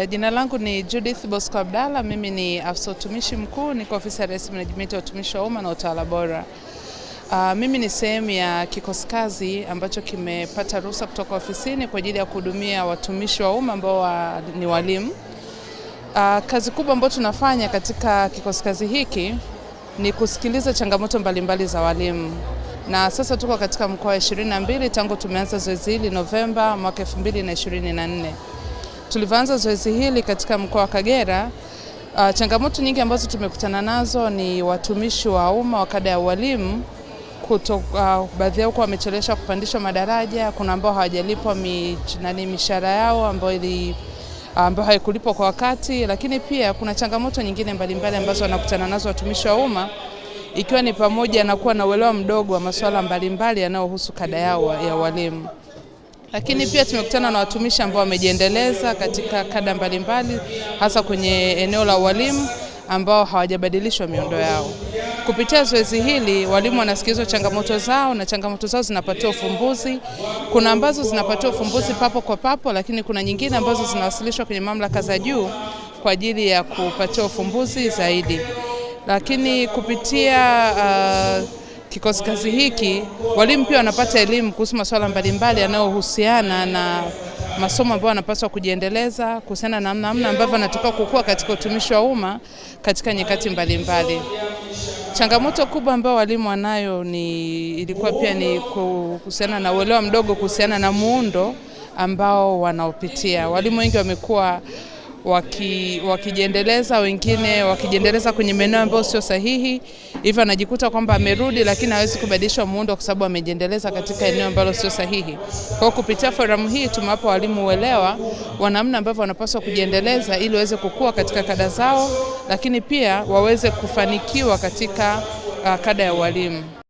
Eh, jina langu ni Judith Bosco Abdalla, mimi ni afisa utumishi mkuu, niko ofisi ya Rais menejimenti ya utumishi wa umma na utawala bora. Uh, mimi ni sehemu ya kikosi kazi ambacho kimepata ruhusa kutoka ofisini kwa ajili ya kuhudumia watumishi wa umma ambao wa, ni walimu. Uh, kazi kubwa ambayo tunafanya katika kikosi kazi hiki ni kusikiliza changamoto mbalimbali za walimu na sasa tuko katika mkoa wa 22 tangu tumeanza zoezi hili Novemba mwaka 2024. Tulivyoanza zoezi hili katika mkoa wa Kagera, uh, changamoto nyingi ambazo tumekutana nazo ni watumishi wa umma wa kada ya kutoka uh, baadhi yao kuwa wamechelewesha kupandishwa madaraja. Kuna ambao hawajalipwa mi, nani mishahara yao ambayo ili uh, ambayo haikulipwa kwa wakati, lakini pia kuna changamoto nyingine mbalimbali ambazo wanakutana nazo watumishi wa umma ikiwa ni pamoja na kuwa na uelewa mdogo wa masuala mbalimbali yanayohusu kada yao ya walimu. Lakini pia tumekutana na watumishi ambao wamejiendeleza katika kada mbalimbali, hasa kwenye eneo la walimu ambao hawajabadilishwa miundo yao. Kupitia zoezi hili, walimu wanasikilizwa changamoto zao na changamoto zao zinapatiwa ufumbuzi. Kuna ambazo zinapatiwa ufumbuzi papo kwa papo, lakini kuna nyingine ambazo zinawasilishwa kwenye mamlaka za juu kwa ajili ya kupatiwa ufumbuzi zaidi. Lakini kupitia uh, kikosi kazi hiki, walimu pia wanapata elimu kuhusu masuala mbalimbali yanayohusiana na masomo ambayo wanapaswa kujiendeleza kuhusiana na namna ambavyo wanatakiwa kukua katika utumishi wa umma katika nyakati mbalimbali. Changamoto kubwa ambayo walimu wanayo ni ilikuwa pia ni kuhusiana na uelewa mdogo kuhusiana na muundo ambao wanaopitia. Walimu wengi wamekuwa waki, wakijiendeleza, wengine wakijiendeleza kwenye maeneo ambayo sio sahihi, hivyo anajikuta kwamba amerudi, lakini hawezi kubadilisha muundo kwa sababu amejiendeleza katika eneo ambalo sio sahihi. Kwa kupitia forum hii tumewapa walimu uelewa wa namna ambavyo wanapaswa kujiendeleza ili waweze kukua katika kada zao, lakini pia waweze kufanikiwa katika uh, kada ya walimu.